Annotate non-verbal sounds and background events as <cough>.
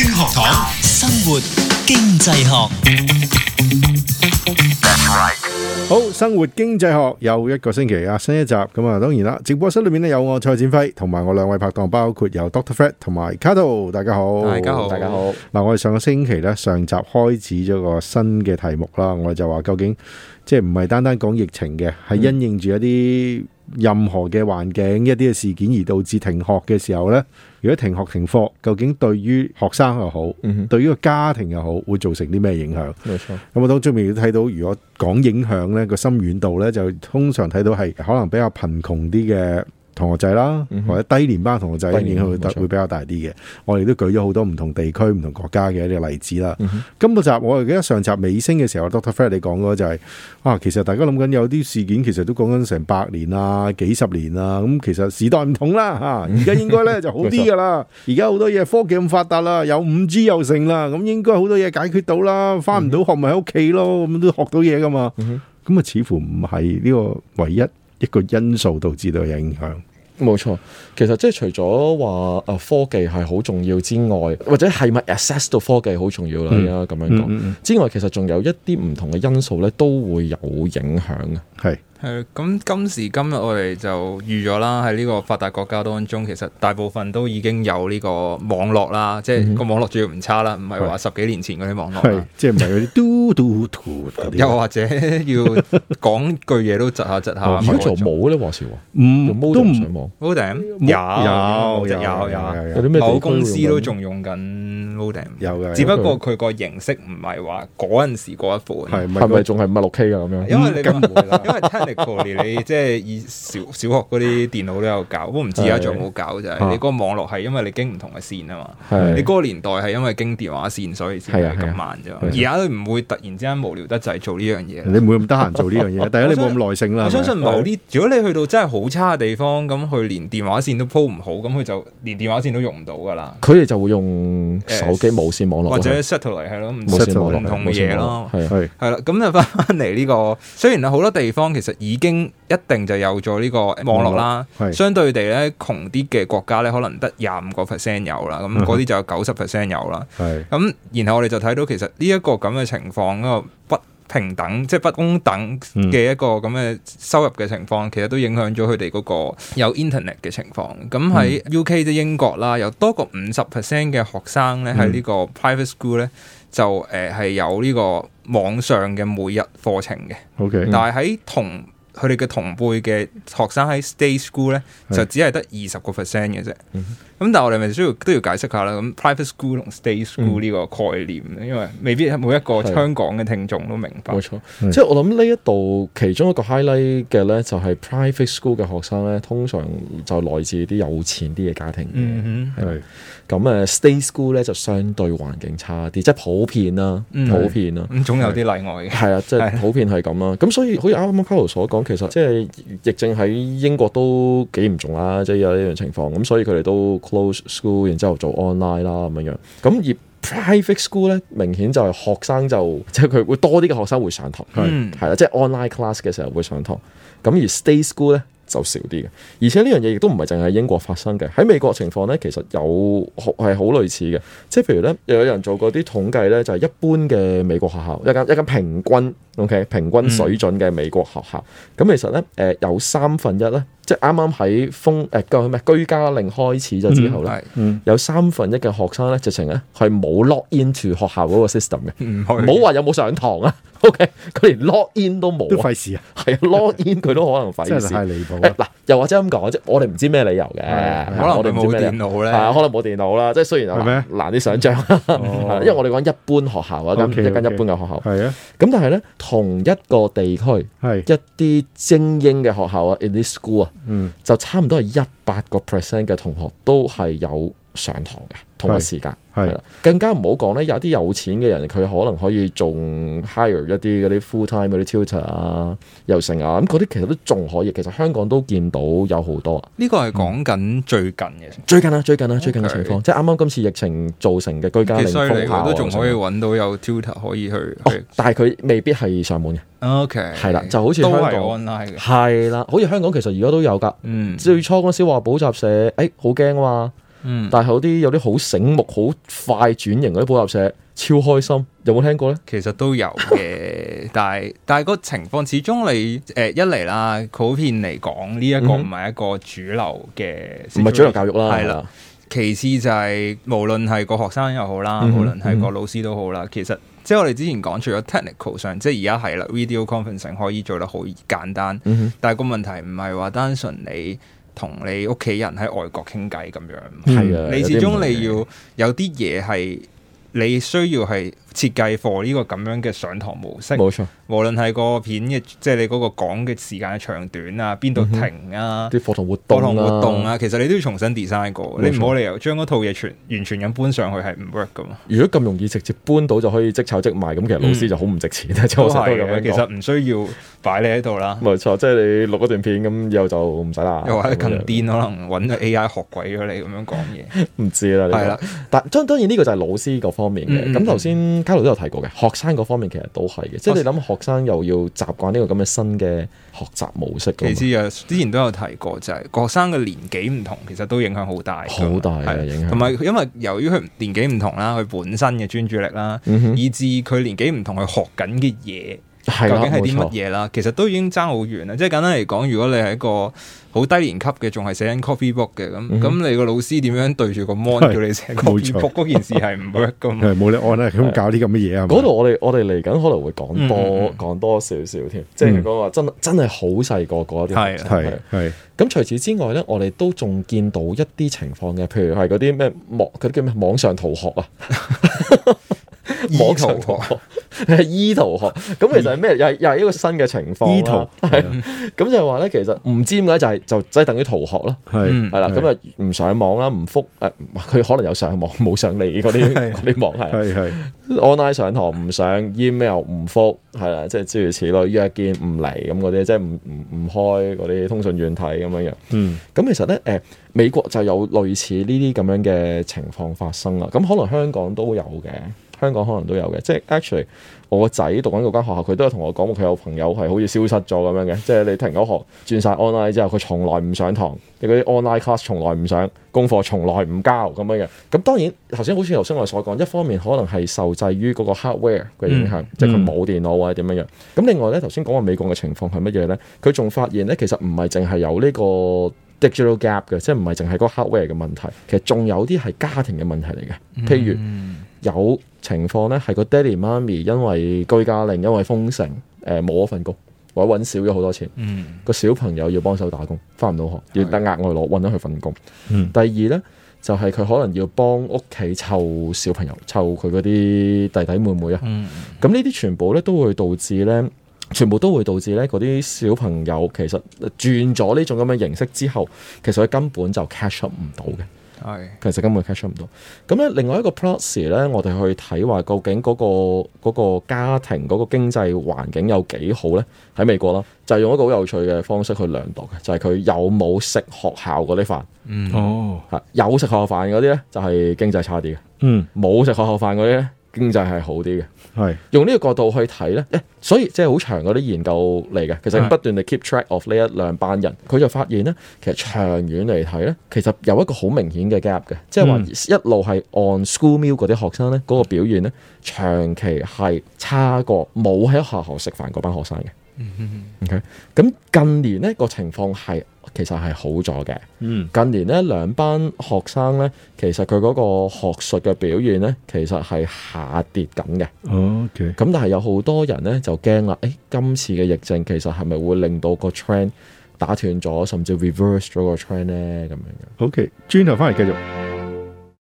精學堂，生活經濟學。好，生活經濟學又一個星期啊，新一集咁啊，當然啦，直播室裏面咧有我蔡展輝，同埋我兩位拍檔，包括有 Doctor Fred 同埋 Cato，大家好，大家好，大家好。嗱，我哋上個星期咧上集開始咗個新嘅題目啦，我哋就話究竟即係唔係單單講疫情嘅，係、嗯、因應住一啲任何嘅環境一啲嘅事件而導致停學嘅時候呢？如果停學停課，究竟對於學生又好，嗯哼，對於個家庭又好，會造成啲咩影響？冇錯錯。咁我當中面要睇到，如果講影響響呢個心軟度咧，就通常睇到係可能比較貧窮啲嘅。同學仔啦，嗯、哼或者低年班同學仔，影響會大，會比較大啲嘅。我哋都舉咗好多唔同地區、唔同國家嘅一啲例子啦。嗯、哼今個集我哋記得上集尾聲嘅時候、嗯、哼，Dr. Fair 你講嗰就係、是、啊，其實大家諗緊有啲事件，其實都講緊成百年啊、幾十年啊。咁其實時代唔同啦，吓而家應該咧就好啲噶啦。而家好多嘢科技咁發達啦，有五 G 又成啦，咁應該好多嘢解決到啦。翻唔到學咪喺屋企咯，咁都學到嘢噶嘛。咁啊，似乎唔係呢個唯一一個因素導致到影響。冇錯，其實即係除咗話誒科技係好重要之外，或者係咪 access 到科技好重要啦？而家咁樣講、嗯嗯嗯、之外，其實仲有一啲唔同嘅因素咧，都會有影響嘅。係。係，咁今時今日我哋就預咗啦，喺呢個發達國家當中，其實大部分都已經有呢個網絡啦，即係個網絡仲要唔差啦，唔係話十幾年前嗰啲網絡，即係唔係嗰啲嘟嘟嘟嗰啲，又或者要講句嘢，都窒下窒下，以前做冇咧，話事，唔都唔上網，modem 有有有有有，有啲咩公司都仲用緊 modem，有嘅，只不過佢個形式唔係話嗰陣時嗰一款，係，係咪仲係五六 K 噶咁樣？因為你唔會啦，因為聽。過年你即係以小小學嗰啲電腦都有搞，我唔知而家仲有冇搞。就係你嗰個網絡係，因為你經唔同嘅線啊嘛。你嗰個年代係因為經電話線，所以先係咁慢啫。而家都唔會突然之間無聊得滯做呢樣嘢，你唔會咁得閒做呢樣嘢，第一你冇咁耐性啦。我相信冇啲，如果你去到真係好差嘅地方，咁佢連電話線都鋪唔好，咁佢就連電話線都用唔到噶啦。佢哋就會用手機無線網絡或者 satellite 係咯，唔同嘅嘢咯，係係啦。咁就翻翻嚟呢個，雖然好多地方其實。已經一定就有咗呢個網絡啦，絡相對地咧窮啲嘅國家咧，可能得廿五個 percent 有啦，咁嗰啲就有九十 percent 有啦。咁、嗯、然後我哋就睇到其實呢一個咁嘅情況嗰、那個、不。平等即係不公等嘅一個咁嘅收入嘅情況，其實都影響咗佢哋嗰個有 Internet 嘅情況。咁喺 UK 即英國啦，有多個五十 percent 嘅學生咧喺呢個 private school 咧就誒係、呃、有呢個網上嘅每日課程嘅。OK，但係喺同。佢哋嘅同輩嘅學生喺 state school 咧，就只係得二十個 percent 嘅啫。咁但係我哋咪需要都要解釋下啦。咁 private school 同 state school 呢個概念，因為未必係每一個香港嘅聽眾都明白。冇錯，即係我諗呢一度其中一個 highlight 嘅咧，就係 private school 嘅學生咧，通常就來自啲有錢啲嘅家庭。咁誒，state school 咧就相對環境差啲，即係普遍啦，普遍啦，咁總有啲例外嘅。係啊，即係普遍係咁啦。咁所以好似啱啱 Paul 所講。其實即係疫症喺英國都幾嚴重啦，即、就、係、是、有呢樣情況咁，所以佢哋都 close school，然之後做 online 啦咁樣。咁而 private school 咧，明顯就係學生就即係佢會多啲嘅學生會上堂，係啦、mm.，即、就、係、是、online class 嘅時候會上堂。咁而 state school 咧，就少啲嘅，而且呢樣嘢亦都唔係淨係英國發生嘅。喺美國情況呢，其實有係好類似嘅，即係譬如呢，有人做過啲統計呢，就係、是、一般嘅美國學校一間一間平均，OK 平均水準嘅美國學校，咁、嗯、其實呢，誒、呃、有三分一呢，即係啱啱喺封誒咩居家令開始咗之後咧，有三分一嘅學生咧，直情咧係冇 log into 學校嗰個 system，嘅。冇話有冇上堂啊。OK，佢連 log in 都冇，都費事啊！係 log in 佢都可能費事。真係太離譜啦！嗱，又或者咁講，即我哋唔知咩理由嘅，可能我哋冇電腦咧，可能冇電腦啦。即係雖然難難啲想像，因為我哋講一般學校啊，一間一般嘅學校係啊。咁但係咧，同一個地區一啲精英嘅學校啊，in this school 啊。嗯，就差唔多係一百個 percent 嘅同學都係有上堂嘅。同一個時間係啦，更加唔好講咧，有啲有錢嘅人，佢可能可以做 hire 一啲嗰啲 full time 嗰啲 tutor 啊，又成啊，咁嗰啲其實都仲可以，其實香港都見到有好多，啊。呢個係講緊最近嘅，嗯、最近啊，最近啊，Okay. 最近嘅情況，即係啱啱今次疫情造成嘅居家令封校，其實都仲可以揾到有 tutor 可以去。哦、去但係佢未必係上門嘅。OK，係啦，就好似都係 online 嘅，係啦，好似香港其實而家都有㗎。嗯，最初嗰陣時話補習社，誒、哎，好驚啊嘛。嗯，但係有啲有啲好醒目、好快轉型嗰啲補習社超開心，有冇聽過呢？其實都有嘅， <laughs> 但係但係個情況始終你誒、呃、一嚟啦，普遍嚟講呢一個唔係一個主流嘅，唔係、嗯、哼主流教育啦，係啦的。的其次就係、是、無論係個學生又好啦，嗯、哼無論係個老師都好啦，嗯、哼其實即係我哋之前講，除咗 technical 上，即係而家係啦，video conferencing 可以做得好簡單，嗯、哼但係個問題唔係話單純你。同你屋企人喺外國傾偈咁樣，係、嗯、你始終你要有啲嘢係你需要係。設計課呢個咁樣嘅上堂模式，冇錯。無論係個片嘅，即係你嗰個講嘅時間長短啊，邊度停啊，啲課堂活動啊，其實你都要重新 design 過。你唔好理由將嗰套嘢全完全咁搬上去係唔 work 噶嘛？如果咁容易直接搬到就可以即炒即賣，咁其實老師就好唔值錢。即係嘅，其實唔需要擺你喺度啦。冇錯，即係你錄嗰段片，咁以後就唔使啦。又或近更可能揾 AI 學鬼咗你咁樣講嘢，唔知啦。係啦，但當然呢個就係老師嗰方面嘅。咁頭先。交流都有提過嘅，學生嗰方面其實都係嘅，啊、即係你諗學生又要習慣呢個咁嘅新嘅學習模式。其次啊，之前都有提過，就係、是、學生嘅年紀唔同，其實都影響好大，好大嘅影響。同埋因為由於佢年紀唔同啦，佢本身嘅專注力啦，嗯、哼以至佢年紀唔同，佢學緊嘅嘢。究竟係啲乜嘢啦？其實都已經爭好遠啦，即係簡單嚟講，如果你係一個好低年級嘅，仲係寫緊 coffee book 嘅，咁咁你個老師點樣對住個 mon 叫你寫？冇錯，嗰件事係唔 work 噶嘛？係冇你按啊，咁搞啲咁嘅嘢啊。嗰度我哋我哋嚟緊可能會講多講多少少添，即係如果話真真係好細個嗰啲係係係。咁除此之外咧，我哋都仲見到一啲情況嘅，譬如係嗰啲咩網嗰啲叫咩網上逃學啊，網上逃學。係依逃學咁，其實係咩？又係又係一個新嘅情況。依逃係咁就係話咧，其實唔尖嘅就係、是、就即係等於逃學咯。係係啦，咁啊唔上網啦，唔覆誒，佢、哎、可能有上網冇上你嗰啲嗰啲網係 online 是上堂唔上 email 唔覆係啦，即係諸如此類，約見唔嚟咁嗰啲，即係唔唔唔開嗰啲通訊軟體咁樣樣。咁、嗯、其實咧誒、呃，美國就有類似呢啲咁樣嘅情況發生啦。咁可能香港都有嘅。香港可能都有嘅，即係 actually 我個仔讀緊嗰間學校，佢都有同我講過，佢有朋友係好似消失咗咁樣嘅。即係你停咗學轉晒 online 之後，佢從來唔上堂，佢啲 online class 從來唔上，功課從來唔交咁樣嘅。咁當然頭先好似劉生我所講，一方面可能係受制於嗰個 hardware 嘅影響，嗯、即係佢冇電腦或者點樣樣。咁、嗯、另外咧，頭先講話美國嘅情況係乜嘢咧？佢仲發現咧，其實唔係淨係有呢個 digital gap 嘅，即係唔係淨係嗰個 hardware 嘅問題。其實仲有啲係家庭嘅問題嚟嘅，譬如有。有情況咧，係佢爹哋媽咪因為居家令，因為封城，誒冇咗份工，或者揾少咗好多錢。個、嗯、小朋友要幫手打工，翻唔到學，的要得額外攞揾咗佢份工。嗯、第二咧就係、是、佢可能要幫屋企湊小朋友，湊佢嗰啲弟弟妹妹啊。咁呢啲全部咧都會導致咧，全部都會導致咧嗰啲小朋友其實轉咗呢種咁嘅形式之後，其實佢根本就 catch up 唔到嘅。係，其實根本吸收唔到。咁咧，另外一個 plus 咧，我哋去睇話，究竟嗰個嗰個家庭嗰個經濟環境有幾好咧？喺美國啦，就係用一個好有趣嘅方式去量度嘅，就係佢有冇食學校嗰啲飯。嗯，哦，嚇，有食學校飯嗰啲咧，就係經濟差啲嘅。嗯，冇食學校飯嗰啲咧。經濟係好啲嘅，係是用呢個角度去睇咧，欸，所以即係好長嗰啲研究嚟嘅。其實不斷地 keep track of 呢一兩班人，佢就發現咧，其實長遠嚟睇咧，其實有一個好明顯嘅 gap 嘅，即係話一路係 on school meal 嗰啲學生咧，嗰、嗰個表現咧，長期係差過冇喺學校食飯嗰班學生嘅。嗯，OK，咁近年呢個情況係其實係好咗嘅。嗯，近年呢兩班學生呢，其實佢嗰個學術嘅表現呢，其實係下跌緊嘅。OK，咁但係有好多人呢，就驚啦，誒、哎，今次嘅疫症其實係咪會令到個 trend 打斷咗，甚至 reverse 咗個 trend 呢？咁樣嘅，OK，轉頭翻嚟繼續。